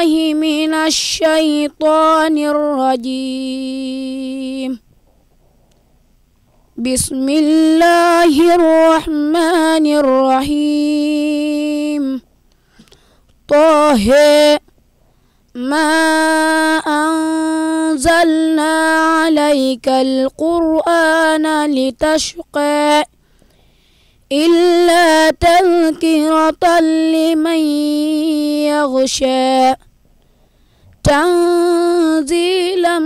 الله من الشيطان الرجيم بسم الله الرحمن الرحيم طه ما أنزلنا عليك القرآن لتشقى إلا تذكرة لمن يغشى تنزيلا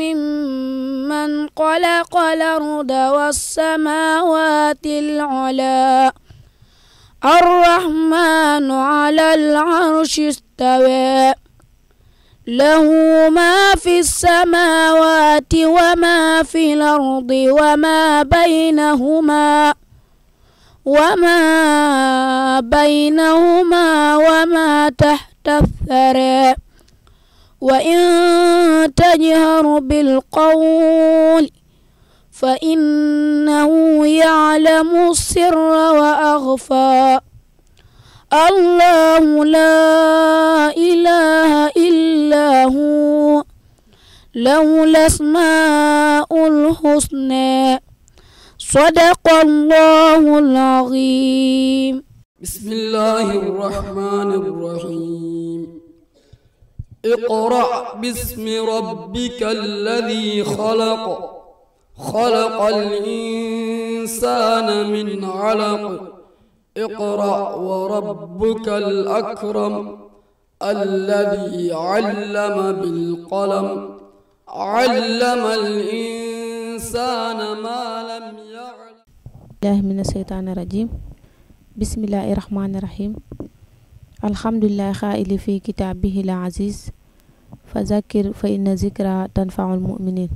ممن خلق الأرض والسماوات العلى الرحمن على العرش استوى له ما في السماوات وما في الأرض وما بينهما وما بينهما وما تحت الثرى وإن تجهر بالقول فإنه يعلم السر وأخفى الله لا إله إلا هو له الأسماء الحسنى صدق الله العظيم بسم الله الرحمن الرحيم اقرأ باسم ربك الذي خلق خلق الإنسان من علق اقرأ وربك الأكرم الذي علم بالقلم علم الإنسان ما لم يعلم الله من الشيطان الرجيم بسم الله الرحمن الرحيم alhamdulilah xaaili fi kitaabihi la aziz fa zakir fa inna zikra tanfaul muminin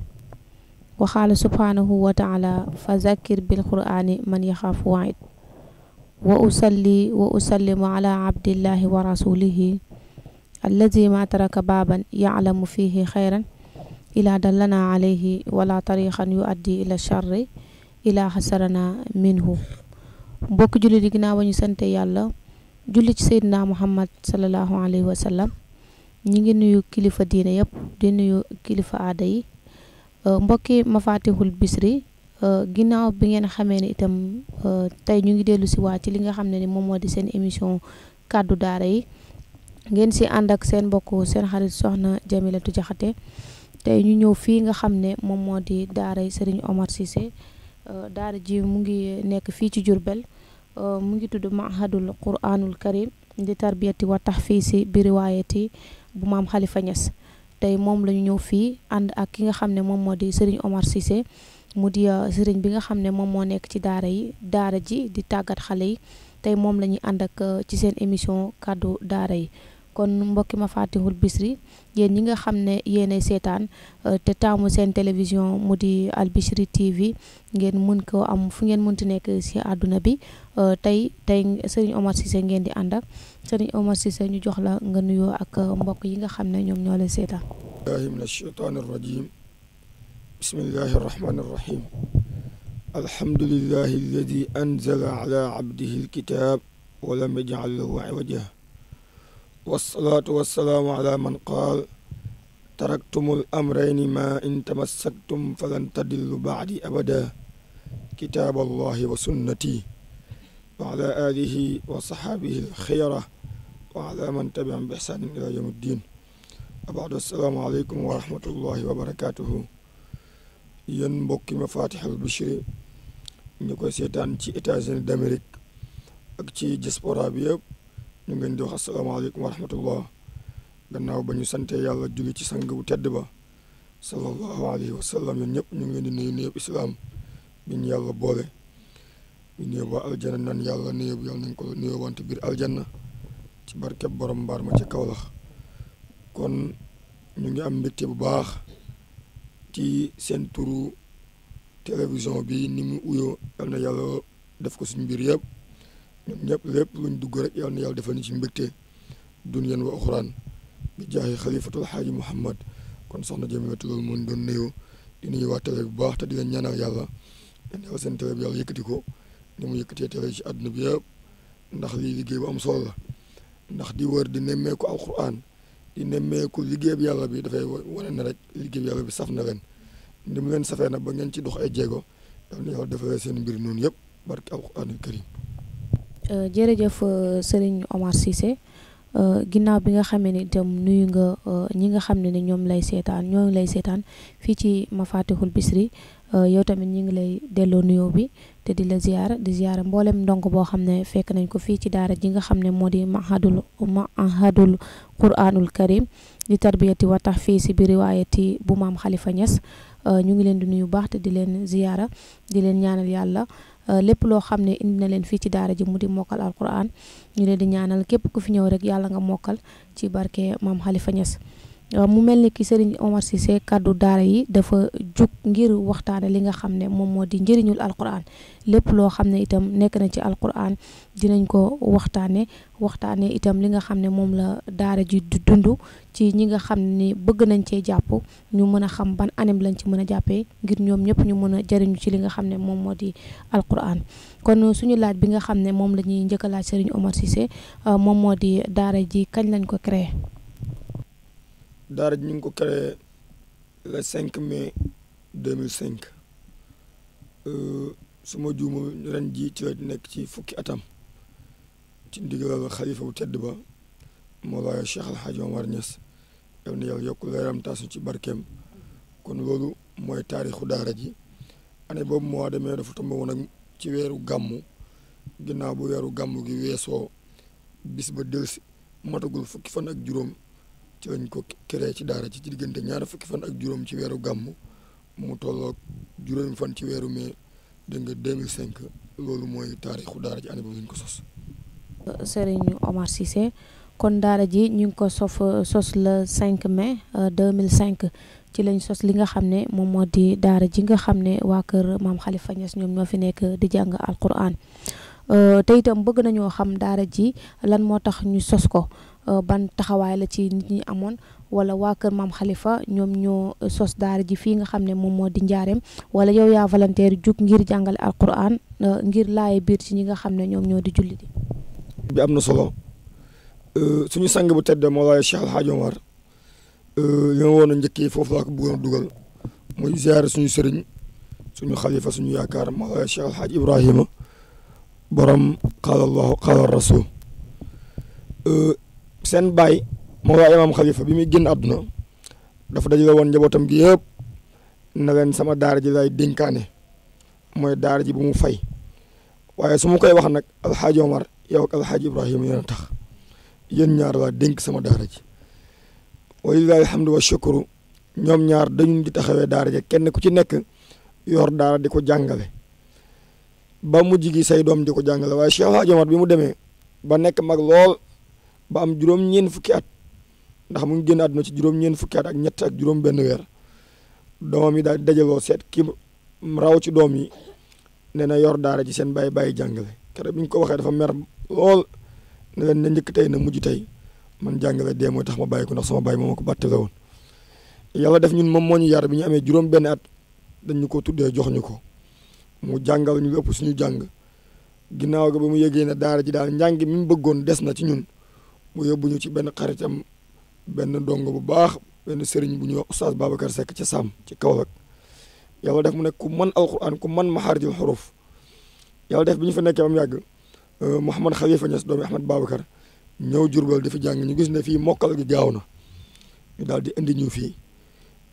wa qaala subhaanahu wa taala fa zakir bil qur'aani man yaxaafu waid wa usalli wa usallimu ala abdillahi wa rasulihi allazi ma taraka baaban yaclamu fihi xayran ila dallana alayhi wala tariqan yu addi ila charri ila xasarana minhu mbokk jullit yi ginnaaw ba ñu sante yàlla julli ci seydina muhammad sallallahu alayhi wa sallam ñi ngi nuyu kilifa diine yëpp di nuyu kilifa aada yi euh, mbokki mafatihul bisri euh, ginnaaw bi ngeen xamee ne itam euh, tey ñu ngi dellu si waa ci li nga xam ne ni moom moo di seen émission kàddu daara yi ngeen si ànd ak seen mbokk seen xarit soxna Jamilatu Jaxate tey ñu ñëw fii nga xam ne moom moo di daara yi Serigne Omar Cissé daara ji mu ngi nekk fii ci Jurbel Euh, mu ngi tudd mahadul quranul karim di tarbiyati wa tahfisi bi riwaayati bu maam xalifa Niass tey moom la ñu ñëw fii ànd ak ki nga xam ne moom moo di Serigne Omar Cissé mu di euh, Serigne bi nga xam ne moom moo nekk ci daara yi daara ji di tàggat xale yi tey moom la ñuy ànd ak euh, ci seen émission kàddu daara yi kon mbokki ma fatihul bisri yéen ñi nga xam ne yéenay seetaan euh, te taamu seen télévision mu di albisri tv ngeen mën ko am fu ngeen mënti nekk ci àdduna bi euh, tey tey sëriñ Omar Cissé ngeen di ànd ak sëriñ Omar Cissé ñu jox la nga nuyoo ak euh, mbokk yi nga xam ne ñoom ñoo lay seetaan billahi min ashaytaani rajim bismillahi alhamdulillahi alladi anzala ala abdihi alkitab walam yajal lahu iwaja wasalaatu wasalaamu ala man qaal taraktumul amrayni ma in tamassaktum falan tadillu baadi abada kitaab allahi wa sunnati wa ala alihi wa saxaabihi alxiyara wa ala man tabiam bi ixsaanin ila yawm ddin wa baadu asalaamu aleykum wa rahmatullahi wa barakatuhu yéen mbokki Mafatihul Bichri ñu koy seetaan ci États-Unis d'Amérique ak ci diaspora bi yëpp ñu ngeen di wax asalaamaaleykum wa rahmatullah gannaaw ba ñu sante yàlla julli ci sang bu tedd ba sallallahu alayhi wa sallam ñun ñëpp ñu ngi leen di nuyu nuyëb islaam bi yàlla boole ñu nuyëb waa aljanna nan yàlla nuyëb yàlla nañ ko nuyëb wante biir aljanna ci barkeb borom mbaar ma ci kawlax kon ñu ngi am mbégte bu baax ci seen turu télévision bi ni mu uyoo yal na yàlla def ko suñu biir yëpp ñoom ñëpp lépp luñ dugg rek yàlla na yàlla defal ñu ci mbégte dunyan wa uxraan bi jaahi xalifatul xaaji Muhammad kon soxna Jamilatu loolu moo doon nuyoo di nuyu waa télé bu baax te di leen ñaanal yàlla yal na seen télé bi yàlla yëkkati ko ni yëkkatee télé ci àdduna bi yëpp ndax lii liggéey bu am sol la ndax di wër di nemmeeku alquran di nemmeeku liggéey bi yàlla bi dafay wane na rek liggéey bi yàlla bi saf na leen ni mu leen safee nag ba ngeen ci dox ay jéego yal na yàlla defalee seen mbir noonu yëpp barke alquranul karim Euh, jërëjëf euh, Serigne Omar Cissé euh, ginnaaw bi nga xamee ni itam nuyu nga ñi nga xam ne ni ñoom lay seetaan ñoo lay seetaan fii ci Mafatihul Bichri yow tamit ñu ngi lay delloo nuyo bi te di la ziyaara di ziyaara mboolem ndongo boo xam ne fekk nañ ko fii ci daara ji nga xam ne moo di mahadul mahadul quranul karim di tarbiyati wa tax fii si bi riwaayati bu maam xalifa Niass ñu ngi leen di nuyu baax te di leen ziyaara di leen ñaanal yàlla Euh, lépp loo xam ne indi na leen fii ci daara ji mu di mokkal alquran ñu leen di ñaanal képp ku fi ñëw rek yàlla nga mokkal ci barke maam xalifa Niass Euh, mu mel ni ki Serigne Omar Cissé kàddu daara yi dafa jug ngir waxtaane li nga xam ne moom moo di njëriñul alquran lépp loo xam ne itam nekk na ci alquran dinañ ko waxtaane waxtaane itam li nga xam ne moom la daara ji du dund ci ñi nga xam ne bëgg nañ cee jàpp ñu mën a xam ban anam lañ ci mën a jàppee ngir ñoom ñëpp ñu mën a jëriñu ci li nga xam ne moom moo di alquran kon suñu laaj bi nga xam ne moom la ñuy njëkk a laaj Omar Cissé euh, moom moo di daara ji kañ lañ ko créé daara ji ñu ngi ko créé le 5 mai 2005 euh, su ma juuma ren ji ci nekk ci fukki atam ci ndigal xalifa bu tedd ba moo Cheikh El Hadj Omar yow ni yow yokk leeram taasu ci barkeem kon loolu mooy taarixu daara ji année boobu moo demee dafa tombé woon ak ci weeru gàmmu ginnaaw bu weeru gàmmu gi weesoo bis ba delsi matagul fukki fan ak juróom ci lañ ko créé ci daara ci ci diggante ñaar fukki fan ak juróom ci weeru gàmm mu tolloog juróomi fan ci weeru mai dégg nga 2005 loolu mooy taarixu daara ji ko sos. Serigne Omar Cissé kon daara ji ñu ngi ko sof sos le 5 mai 2005 euh, ci lañ sos li nga xam ne moom moo di daara ji nga xam ne waa kër maam xalifa ñoos ñoom ñoo fi nekk di jàng alquran euh, te itam bëgg nañoo xam daara ji lan moo tax ñu sos ko. Euh, ban taxawaay la ci nit ñi amoon wala waa kër maam xalifa ñoom ñoo euh, sos daara ji fii nga xam ne moom moo di njaareem wala yow yaa volontaire jug ngir jàngale alquran euh, ngir laaye biir ci ñi nga xam ne ñoom ñoo di julli di bi am na solo suñu sang bu tedd Mawlaay Cheikh El Hadj Omar li suñu sëriñ suñu xalifa suñu yaakaar Mawlaay Cheikh El Hadj Ibrahima borom qaala Allahu qaala seen baay moo waa imaam Xalifa bi muy génn àdduna dafa dajale woon njabootam gi yëpp sama daara ji lay dénkaane mooy daara ji bu mu fay waaye su ma koy wax nag alxaaji yow ak alxaaji Ibrahima yéen a tax yéen ñaar laa dénk sama daara ji walillahi alhamdu wa shukru ñoom ñaar dañu di taxawee kenn ku ci nekk yor daara di ko jàngale ba mu jigi say doom di ko jàngale waaye Cheikh Hadj bi mu demee ba nekk mag lool ba am juróom-ñeent fukki at ndax mu ngi génn àdduna ci juróom-ñeent fukki at ak ñett ak juróom-benn weer doomam yi daal dajaloo seet ki raw ci doom yi nee na yor daara ji seen bàyyi bàyyi jàngale keroog bi ñu ko waxee dafa mer lool ne leen na njëkk tey na mujj tey man jàngale dee mooy tax ma bàyyi ko ndax sama bàyyi ko bàttale woon yàlla def ñun moom moo ñu yar bi ñu amee juróom-benn at dañu tuddee jox ko mu jàngal ñu ëpp suñu jàng ginnaaw ga ba mu yëgee ne daara ji daal njàng mi mu bëggoon des na ci ñun. mu yóbbu ñu ci benn xaritam benn dongo bu baax benn sëriñ bu ñu wax oustaz Babacar sekk ca Sàmm ci Kaolack yàlla def mu nekk ku man alquran ku man maxaarijul xuruf yàlla def bi ñu fa nekkee ba mu yàgg euh, Mouhamad Khalifa Niass doomi Ahmad Babacar ñëw Jurbel di fi jàng ñu gis ne fii mokkal gi gaaw na daal di indi ñu fii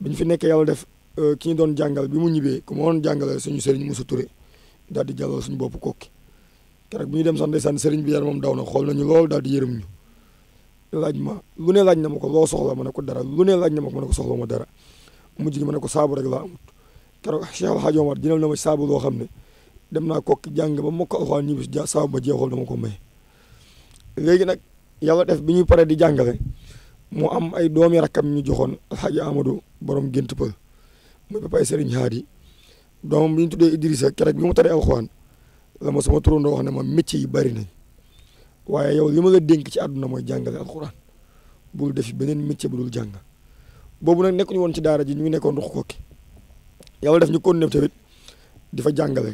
bi ñu fi nekkee yàlla def euh, ki ñu doon jàngal bi mu ñibbee ku ma doon jàngalee suñu sëriñ Moussa Touré daal di jàllal suñu bopp kokki keroog bi ñu dem sax ndeysaan sëriñ bi yaram moom daw na xool nañu lool daal di yërëm ñu laaj ma lu ne laaj na ma ko loo soxla ma ne ko dara lu ne laaj na ma ko ma ne ko soxla ma dara mujj gi ma ne ko saabu rek laa amut keroog Cheikh El Hadj Omar jënal na ma saabu loo xam ne dem naa kokki jàng ba ma ko alxaan ñibbi ja saabu ba ko may léegi nag yàlla def bi ñuy pare di jàngale mu am ay doomi rakkam ñu joxoon alxaaji Amadou borom gént pël muy papaay Serigne Haadi doomam bi ñu tuddee Idrissa keroog bi mu taree alxuraan la ma sama turandoo wax ne ma métier yi bari nañ waaye yow li ma la dénk ci àdduna mooy jàngale alxuraan bul defi beneen métier bu dul jànga boobu nag nekkuñu woon ci daara ji ñu ngi nekkoon ruq kokki yàlla def ñu continuer tamit di fa jàngale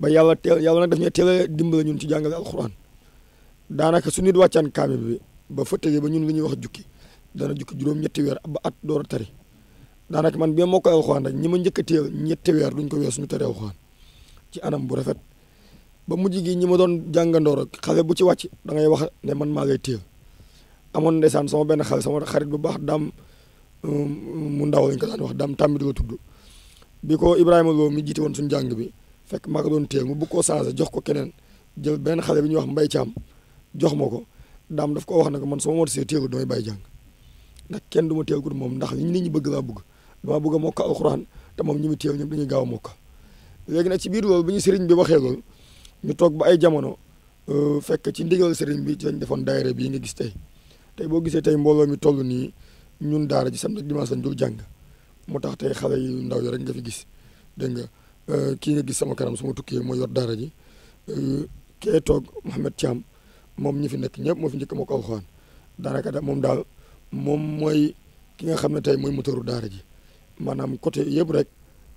ba yàlla teel yàlla nag daf ñu teel dimbale ñun ci jàngale alxuraan daanaka su nit wàccaan kaamil bi ba fëttëgee ba ñun li ñuy wax jukki dana jukki juróom-ñetti weer ba at door a tari daanaka man bi ma mokkoo alxuraan rek ñi ma njëkk a ñetti weer duñ ko weesu ñu tari ci anam bu rafet ba mujj gi ñi ma doon jàngandoo rek xale bu ci wàcc da ngay wax ne man maa lay téye amoon ndeysaan sama benn xale sama xarit bu baax daam um, mu ndaw lañ ko daan wax daam tàmbali ko tudd bi ko Ibrahima Lo mi jiite woon suñu jàng bi fekk maa ko doon téye mu bëgg jox ko keneen jël benn xale bi ñuy wax mbay caam jox ma ko daam daf ko wax ne ko man sama mot see téye ko damay bàyyi jàng ndax kenn du teel téye ko moom ndax li nit ñi bëgg laa bëgg damaa bëgg a mokk alxuraan te moom ñi mu téye ñoom dañuy gaaw a mokk léegi nag ci biir loolu bi ñu sëriñ bi waxee loolu ñu toog ba ay jamono euh, fekk ci ndigal sëriñ bi ci lañ defoon daayira bii nga gis tey tey boo gisee tey mbooloo mi toll nii ñun daara ji samedi dimanche lañ dul jàng moo tax tey xale yu ndaw yi rek nga fi gis dégg nga euh, kii nga gis sama kanam suma tukkee mooy yor daara ji euh, kee toog Mouhamed Thiam moom ñi fi nekk ñëpp moo fi njëkk moo ko alxuraan daanaka da moom daal moom mooy ki nga xam ne tey mooy moteuru daara ji maanaam côté yëpp rek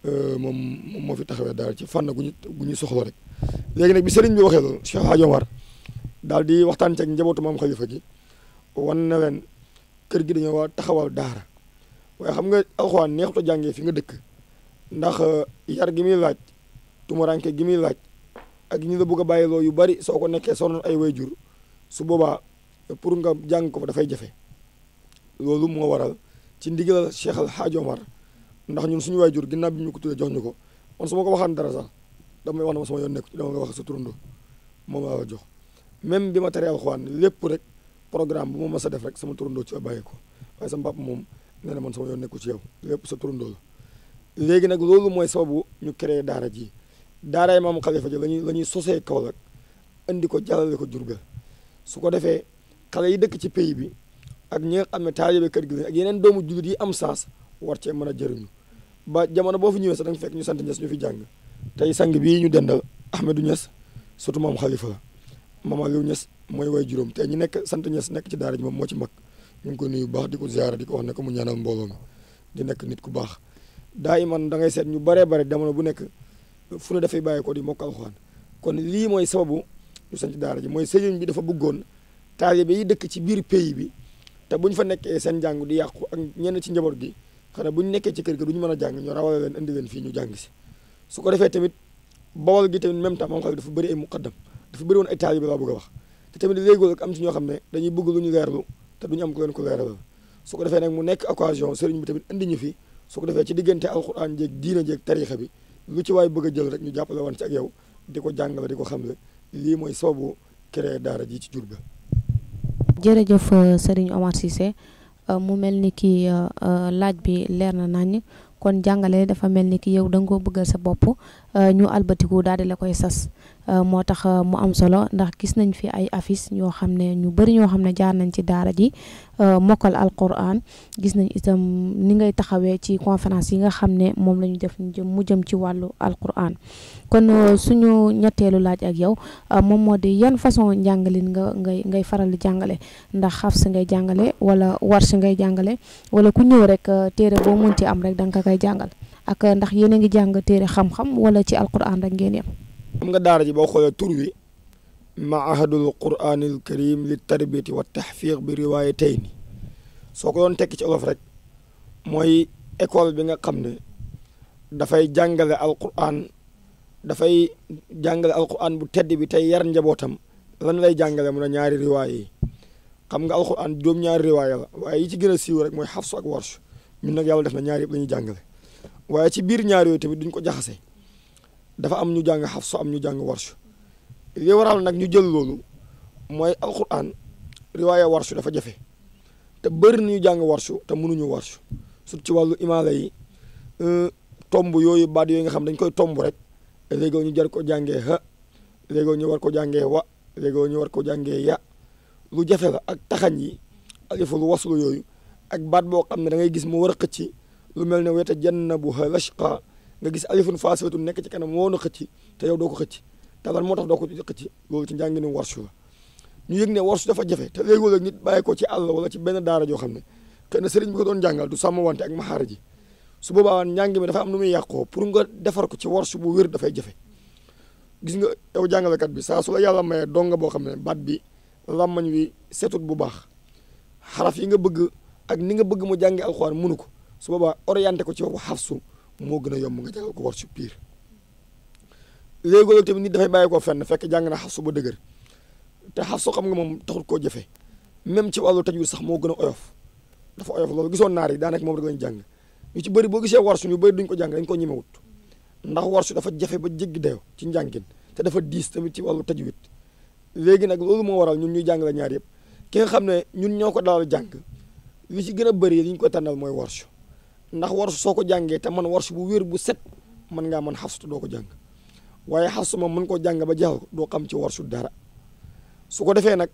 Euh, moom moo fi taxawee daal ci fànn gu ñu gu ñu soxla rek léegi nag bi sëriñ bi waxee loolu Cheikh Hadj daal di waxtaan ceeg njabootu maam xalifa gi wan na leen kër gi dañoo waa taxawal daara waaye xam nga alxuraan neexut a jàngee fi nga dëkk ndax euh, yar gi muy laaj tumuranke gi muy laaj ak ñu la bëgg a bàyyi loo yu bari soo ko nekkee sonal ay way jur su boobaa pour nga jàng ko fa dafay jafe loolu moo waral ci ndigalal Cheikh Al ndax ñun suñu waajur ginnaaw bi ñu ko tuddee jox ñu ko man su ma ko waxaan dara sax damay wax na ma sama yoon nekk ci dama nga wax sa turando moom laa jox même bi ma teree alxuraan lépp rek programme bu ma mës a def rek sama turando ci bàyyi ko waaye sama papa moom nee na yoon nekku ci yow lépp sa turando la léegi nag loolu mooy sababu ñu créé daara ji daara yi maam xalifa ji lañuy la ñuy sosee Kaolack indi ko jàllale ko Diourbel su ko defee xale yi dëkk ci pays bi ak ñi nga xam ne taalibe kër gi lañ ak yeneen doomu jullit yi am saas war cee mën a jëriñu ba jamono boo fi ñëwee sax da nga fekk ñu sant Niass ñu fi jàng tey sang bii ñu dendal Ahmadou Niass surtout maam Khalifa maam Aliou Niass mooy way juróom tey ñu nekk sant Niass nekk ci daara moom moo ci mag ñu ngi ko nuyu bu baax di ko ziara di ko wax ne ko mu ñaanal mbooloo mi nit ku baax daa iman da ngay seet ñu baree bare jamono bu nekk fu ne dafay bàyyi ko di mokk alxuraan kon lii mooy sababu ñu sant daara ji mooy sëriñ bi dafa bëggoon taalibe yi dëkk ci biir pays bi te bu ñu fa nekkee seen jàng di yàqu ak ñenn ci njaboot gi xanaa bu ñu nekkee ci kër gi du ñu mën a jàng ñu rawale leen indi leen fii ñu jàng si su ko defee tamit bawal gi tamit même temps moom xam dafa bëri ay muqaddam dafa bëri woon ay taalibe laa bëgg a wax te ñoo xam ne dañuy bëgg lu ñu leerlu te du ñu am ku leen ko leeralal su ko defee nag mu nekk occasion sëriñ bi tamit indi ñu fii su ko defee ci diggante alxuraan jéeg diina jéeg tarixa bi lu ci waay bëgg a jël rek ñu jàppale woon ci ak yow di ko jàngale di ko xamle lii mooy soobu créer daara ji ci Diourbel jërëjëf Serigne Omar Cissé Euh, mu mel ni ki euh, euh, laaj bi leer na nañ kon jàngale dafa mel ni ki yow da nga koo bëggal sa bopp Euh, ñu albatiku daal di la koy sas euh, moo tax euh, mu am solo ndax gis nañ fi ay affiche ñoo xam ne ñu bëri ñoo xam ne jaar nañ ci daara ji mokkal alquran gis nañ itam ni ngay taxawee ci conférence yi nga xam ne moom la ñu def ñu jëm mu jëm ci wàllu alquran kon suñu ñetteelu laaj ak yow moom moo di yan façon njàngalin nga ngay ngay faral di jàngale ndax xafs ngay jàngale wala warsh ngay jàngale wala ku ñëw rek téere boo mun ci am rek danga koy jàngal ak ndax yéen a ngi jàng téere xam-xam wala ci alquran rek ngeen yem. xam nga daara ji boo xoolee tur wi maahadul quraanil karim li tarbiyati wa tahfiq bi riwaayatayni soo ko doon tekki ci olof rek mooy école bi nga xam ne dafay jàngale alquran dafay jàngale alquran bu tedd bi tey yar njabootam lan lay jàngale mun a ñaari riwaay yi xam nga alquran juróom ñaari riwaay la waaye yi ci gën a siiw rek mooy xafsu ak warsh ñun nag yàlla def na ñaari yëpp la jàngale waaye ci biir ñaar yooyu tamit duñ ko jaxase dafa am ñu jàng soo am ñu jàng warsu li waral nag ñu jël loolu mooy alquran riwaaya warsu dafa jafe te bëri na ñu jàng warsu te mënuñu warsu su ci wàllu imaale yi euh, tomb yooyu baat yooyu nga xam dañ koy tomb rek léegoo ñu jar ko jàngee ha léegoo ñu war ko jàngee wa léegoo ñu war ko jàngee ya lu jafe la ak taxañ yi aliful waslu yooyu ak baat boo xam ne da ngay gis mu war a xëcc lu mel ne weta jannabuha rashqa nga gis alifun faasilatun nekk ci kanam woon a xëcc te yow doo ko xëcc talan moo tax doo ko xëcc loolu ci njànginu warsu la ñu yëg ne warsu dafa jafe te léegi wala nit bàyyi ci àll wala ci benn daara xam ne xëy na sëriñ bi ko sàmm wante ak maxaara ji su boobaa njàng mi dafa am nu muy yàqoo pour nga defar ko ci warsu bu wér dafay jafe gis nga yow jàngalekat bi saa su la yàlla mayee donga boo xam ne baat bi làmmañ wi setut bu baax xaraf yi nga bëgg ak ni nga bëgg mu jàngi alxuraan mënu ko su boobaa orienté ko ci waxu xafsu moo gën a yomb nga jàngal ko war su piir léegi tamit nit dafay bàyyi koo fenn fekk jàng na ba dëgër te xafsu xam nga moom taxul koo jëfe même ci wàllu tajwid sax moo gën a oyof dafa oyof loolu gisoon naar yi moom rek lañ jàng ñu ci bëri boo gisee warsu ñu bëri duñ ko jàng dañ ko ñemewut ndax warsu dafa jafe ba jéggi dayo ci njàngin te dafa diis tamit ci wàllu tajwid léegi nag loolu moo waral ñun ñuy jàng la ñaar yëpp ki nga xam ne ñun ñoo ko daal jàng li ci gën a bëri li ñu ko tànnal mooy warsu ndax war soo ko jàngee te man warsu bu wér bu set mën ngaa mën xafsu doo ko jàng waaye xafsu moom mën koo jàng ba jeexal doo xam ci warsu dara su ko defee nag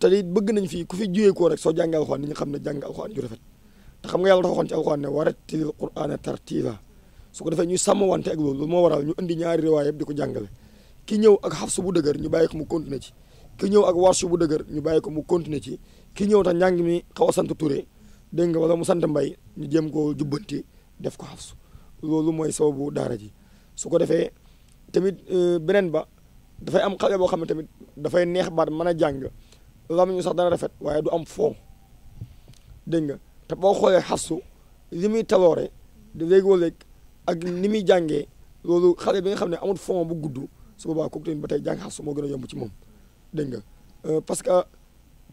te it bëgg nañ fii ku fi juyee koo rek soo jàngee alxuraan ni ñu xam ne jàng alxuraan ju rafet xam nga yàlla dafa waxoon ci alxuraan ne warattilil qur'aana tartiila su ko defee ñu sàmmwante ak loolu moo waral ñu indi ñaari riwaay yëpp di ko jàngale ki ñëw ak xafsu bu dëgër ñu bàyyi ko mu continuer ci ki ñëw ak warsu bu dëgër ñu bàyyi ko mu continuer ci ki ñëw tax njàng mi xaw a sant Touré dégg nga wala mu sant mbay ñu jéem koo jubbanti def ko xafsu loolu mooy sababu daara ji su ko defee tamit euh, beneen ba dafay am xale boo xam ne tamit dafay neex baat mën a jàng lamiñu sax dana rafet waaye du am fond dégg nga te boo xoolee xafsu li muy taloore di léegoo-léeg ak ni muy jàngee loolu xale bi nga xam ne amul fond bu gudd su boobaa kok tamit ba tey jàng xafsu moo gën a yomb ci moom dégg nga euh,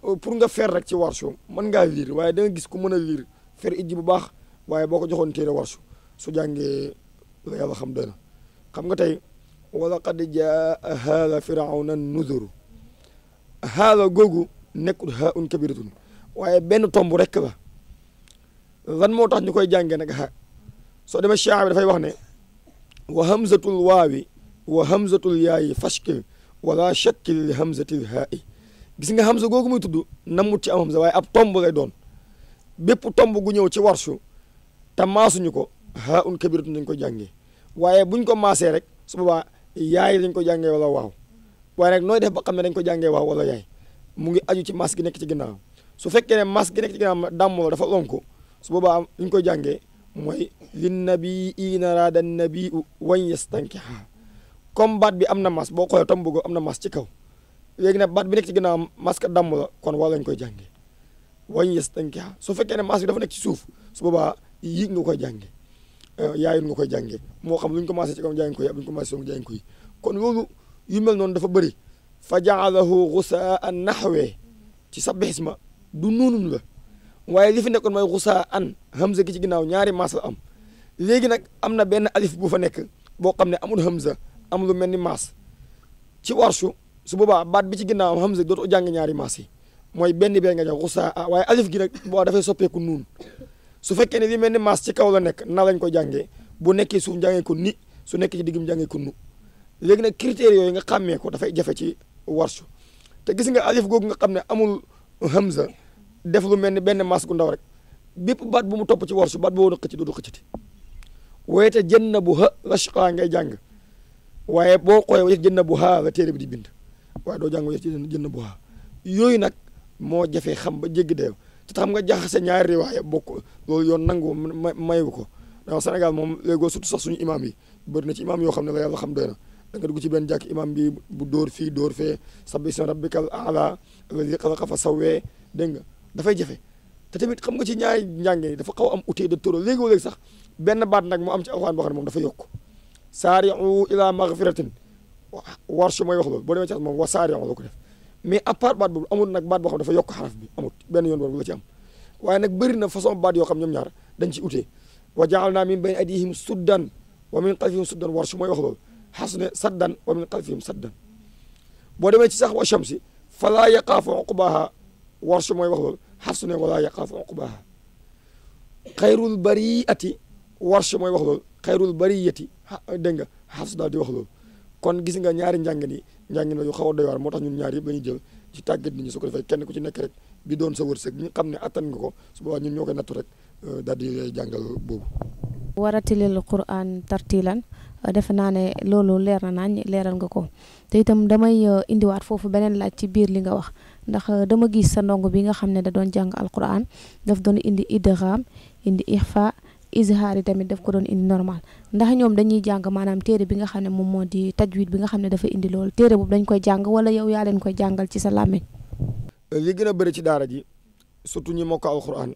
Euh, pour nga fer rek ci warsu mën ngaa wiir waaye da gis ku mën a wiir fer ijji bu baax waaye boo ko joxoon téere warsu su jàngee la yàlla xam doy nga tey wala qad jaa haada firawna nuzuru haada googu nekkul haa un kabiratun waaye benn tomb rek la lan moo tax ñu koy jàngee nag soo demee chan bi dafay wax ne wa hamzatul waawi wa hamzatul yaayi fashkil wala shakkil li hamzatil haa gis nga Hamza googu muy tudd namut ci am Hamza waaye ab tomb lay doon bépp tomb gu ñëw ci warsu te maasuñu ko ha un kabiratun dañ ko jàngee waaye buñ ko maasee rek su boobaa yaay dañ ko jàngee wala waaw waaye nag nooy def ba xam ne dañ ko jàngee waaw wala yaay mu ngi aju ci maas gi nekk ci ginnaaw su fekkee ne maas gi nekk ci ginnaaw dàmm la dafa lonko su boobaa li ñu koy jàngee mooy lin nabi ina raada nabi wañ yastankiha comme baat bi am na maas boo xoolee tomb boobu am na maas ci kaw léegi nag baat bi nekk ci ginnaaw masque damm la kon wala lañ koy jànge wañ yes dañ koy su fekkee ne masque dafa nekk ci suuf su boobaa yig nga koy jànge euh, yaayul nga koy jànge moo xam lu ñu commencé ci kaw jàng ko yi ab lu ñu commencé ci kon loolu yu mel noonu dafa bëri fa jaalahu xusaan naxwee ci sa bixis ma du nuunum la waaye li fi nekkoon mooy xusaan hamza gi ci ginnaaw ñaari maas am léegi nag am na benn alif bu fa nekk boo xam ne amul hamza am lu mel ni maas ci warsu su boobaa baat bi ci ginnaawam hamza dootu jàng ñaari maas mooy benn bee nga jox xusaa ah waaye alif gi nag boo dafay soppeeku nuun su fekkee ne li mel ni maas ci kaw la nekk na lañ ko jàngee bu nekkee suuf jàngee ko ni su nekkee ci diggum jàngee ko nu léegi nag critères yooyu nga xàmmee ko dafay jafe ci warsu te gis nga alif googu nga xam ne amul hamza def lu mel ni benn maas gu ndaw rek bépp baat bu mu topp ci warsu baat boo woon a xëcc dootu xëccati wayete jën na bu ha lashqaa ngay jàng waaye boo xoolee jën na bu ha la bi di bind waaye doo jàng wees ci jënn boxa yooyu nag moo jafe xam ba jéggi dayoo ci tax xam nga jaxase ñaari riwaaya bokk loolu yoon nangu mayu ko dama senegal moom léegoo surtout sax suñu imaam yi bëri na ci imaam yoo xam ne la yàlla xam doy na da nga dugg ci benn jàkk imaam bi bu dóor fii dóor fee sabbi sa rabbikal aala alladi xalaqa fa sawwee dégg nga dafay jafe te tamit xam nga ci ñaari njànge yi dafa xaw am outil de toro léegi léegi sax benn baat nag mu am ci alxuraan boo xam moom dafa yokk saari'u ila maghfiratin warsh mooy wax loolu boo demee ci moom wasaari la ko def mais à part baat boobu amul nag baat boo xam dafa yokk xaraf bi amut benn yoon boobu la ci am waaye nag bëri na façon baat yoo xam ñoom ñaar dañ ci utee wa jaal naa min bayni aydihim suddan wa min xalfihim suddan warsh mooy wax loolu xas ne saddan wa min xalfihim saddan boo demee ci sax wa shamsi falaa yaqaafu uqbaha warsh mooy wax loolu xas ne walaa yaqaafu uqbaha xayrul bariati warsh mooy wax loolu xayrul bariyati dégg nga xas daal di wax loolu kon gis nga ñaari njàngin yi njàngin la yu xaw a doy waar moo tax ñun ñaar yëpp la ñuy jël ci tàggat nit ñi su ko defee kenn ku ci nekk rek bi doon sa wërsëg ñu xam ne attan nga ko su boobaa ñun ñoo koy nattu rek euh, daal di jàngal boobu waratilil quran tartilan defe naa ne loolu leer na naañ leeral nga ko te itam damay euh, indiwaat foofu beneen laaj ci biir li nga wax ndax euh, dama gis sa ndongo bi nga xam ne da doon jàng alquran daf doon indi idgham indi ixfa izhaar yi tamit def ko doon indi normal ndax ñoom dañuy jàng maanaam téere bi nga xam ne moom moo di tajwid bi nga xam ne dafa indi loolu téere boobu dañ koy jàng wala yow yaa leen koy jàngal ci sa làmmiñ euh, li gën a bari ci daara ji surtout ñi mokk alxuraan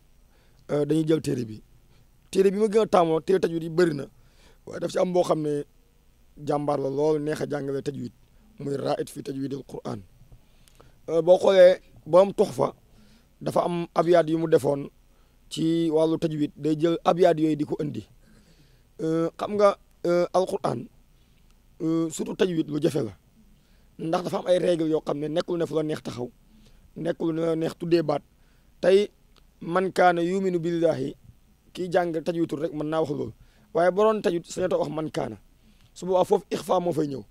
euh, dañuy jël téere bi téere bi ma gën a taamoo téere tajwid yi bëri na waaye daf ci am boo xam ne jàmbaar la loolu neex a jàngalee tajwid muy raait fi tajwidil quran euh, boo xoolee borom tuxfa dafa am abiyaat yu mu defoon ci wàllu tajwid day jël abyaat yooyu di ko indi euh, xam nga euh, alquran euh, surtout tajwid lu jafe la ndax dafa am ay règle yoo xam ne nekkul ne fu la neex taxaw nekkul ne neex tuddee baat tey man kaana yuminu billahi kii jàng tajwidul rek mën naa wax loolu waaye boroon tajwid sañatoo wax man kaana su boobaa foofu ixfa moo fay ñëw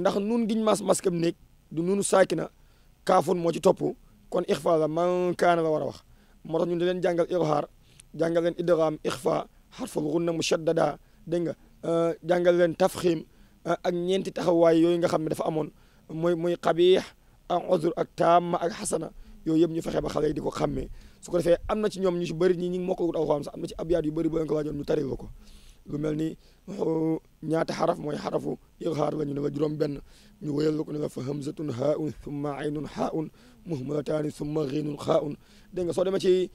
ndax nun giñ mas maskam néeg du nunu saakina kaafoon moo ci topp kon ixfa la man kaana la war a wax moo tax ñun di leen jàngal irhaar jàngal leen idgham ixfa xarful gunna mushaddada dégg nga euh, jàngal leen tafxim euh, ak ñeenti taxawaay yooyu nga xam ne dafa amoon mooy muy xabiix ak uzur ak taama ak xasana yooyu yëpp ñu fexe ba xale yi di ko xàmmee su ko defee am na ci ñoom ñu ci bëri ñi ñi ngi mokkul alxuraan sax am na ci abyaat yu bëri boo leen ko waajoon ñu taril ko lu mel ni ñaata xaraf mooy xarafu ighaar la ñu ne la juróom-benn ñu wéyal la ko ne la fa hamzatun haun summa aynun haun muhmalataani summa ghinun xaun dégg nga soo demee ci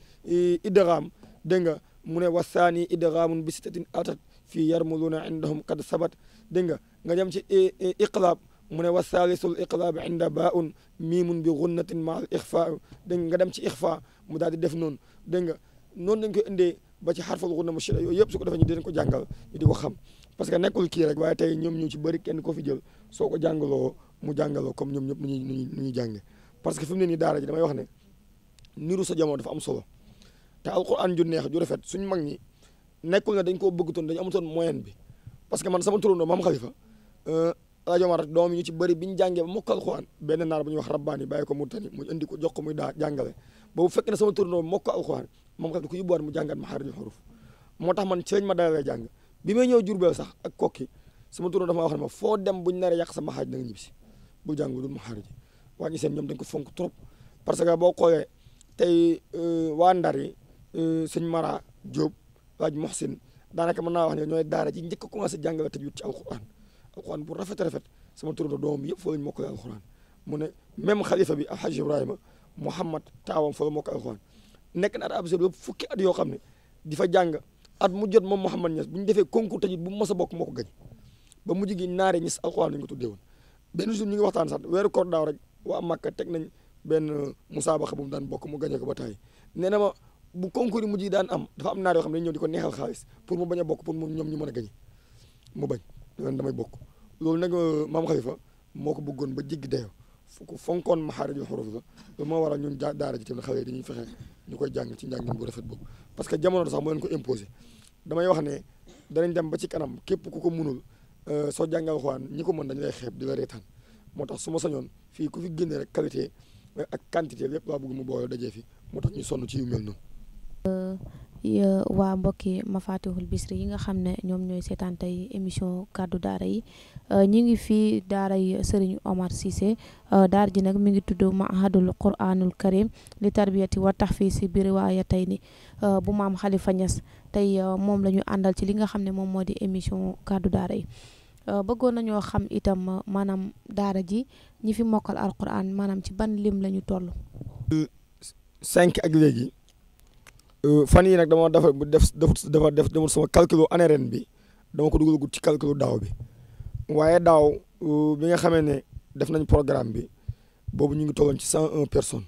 idgham dégg nga mu ne wasaani idghaamun bi sittatin atat fii yarmuluuna indahum qad sabat dégg nga nga dem ci iqlaab mu ne wasaalisul iqlaab inda baaun miimun bi gunnatin maal ixfaa dégg nga nga dem ci ixfaa mu daal di def noonu dégg nga noonu dañ koy indee ba ci xarfal xur na mu shida yooyu yëpp su ko defee ñu dinañ ko jàngal ñu di ko xam parce que nekkul kii rek waaye tey ñoom ñu ci bëri kenn ko fi jël soo ko jàngaloo mu jàngaloo comme ñoom ñëpp nuñuy nuñu nu ñuy jànge parce que fi mu ne nii daara ji damay wax ne niru sa jamono dafa am solo te neex ju rafet suñu mag ñi nekkul ne dañ koo bëggtoon dañu amutoon moyen bi parce que man sama turandoo maam xalifa rajo euh, Mar doom ñu ci bari bi ñu jàngee ba mokk alquran benn naar bu ñu wax rabbaani bàyyi ko mu tani mu indi ko jox ko muy daa jàngale boobu fekk na sama turandoo mokk alquran moom kat ko yóbbuwaat mu jàngat maxaarijul xuruf moo tax man ci ma daawee jàng bi may ñëw Jurbel sax ak kokki sama turno dafa ma wax ne ma foo dem buñ naree yàq sa maxaarij da nga bu jàng dul maxaarij waa ñi seen ñoom dañ ko fonk trop parce que boo xoolee tey euh, waa Ndar yi euh, sëñ Mara Diop waaj Mohsin daanaka mën naa wax ne ñooy daara ji njëkk a commencé jàngale tajwid ci alquran alquran bu rafet rafet sama turando doomam yëpp foo lañ mokkale alquran mu ne même xalifa bi alhaji Ibrahima Mouhamad taawam foo la mokkale nekk naat at absurde yëpp fukki at yoo xam ne difa jàng at mu jot moom Mouhamad Niass bu ñu defee concours tajwid bu mu mos a bokk moo ko gañ ba mujj gi naare ñis alxuraan lañu ko tuddee woon benn jour ñu ngi waxtaan sax weeru koor daaw rek waa Màkka teg nañ benn musaabaxa bu mu daan bokk mu gañe ko ba tàyyi nee na ma bu concours yi mujj yi daan am dafa am naar yoo xam ne ñëw di ko neexal xaalis pour mu bañ a bokk pour mu ñoom ñu mën a gañe mu bañ loolu damay bokk loolu nag euh, maam Xalifa moo ko bëggoon ba jéggi dayoo fu ko fonkoon maxaaraju xuruf la loolu moo waral ñun daara ji tamit xale yi dañuy fexe ñu koy jàng ci njàngin bu rafet boobu parce que jamono sax moo leen ko imposé damay wax ne danañ dem ba ci kanam képp ku ko mënul euh, soo jàngee alxuraan ñi ko mën dañu lay xeeb di la reetaan moo tax su ma sañoon fii ku fi génne rek qualité euh, ak quantité lépp laa bëgg mu boole dajee fi moo tax ñu sonn ci yu mel noonu euh, waa mbokki mafatihul bisri yi nga xam ne ñoom ñooy seetaan tey émission kàddu daara yi ñi ngi fii daara yi Serigne Omar Cissé daara ji nag mi ngi tudd mahadul quranul karim li tarbiyati wa tahfiz bi riwaayatayni bu am Khalifa Niass tey moom la ñu àndal ci li nga xam ne moom moo di émission kàddu daara yi bëggoon nañoo xam itam maanaam daara ji ñi fi mokkal alquran maanaam ci ban lim la ñu toll cinq ak léegi Euh, fan yii nag dama dafa def dafa def demul sama calcul année ren bi dama ko dugal ci calcul daaw bi waaye daaw euh, bi nga xamee ne def nañ programme bi boobu ñu ngi tolloon ci cent un personnes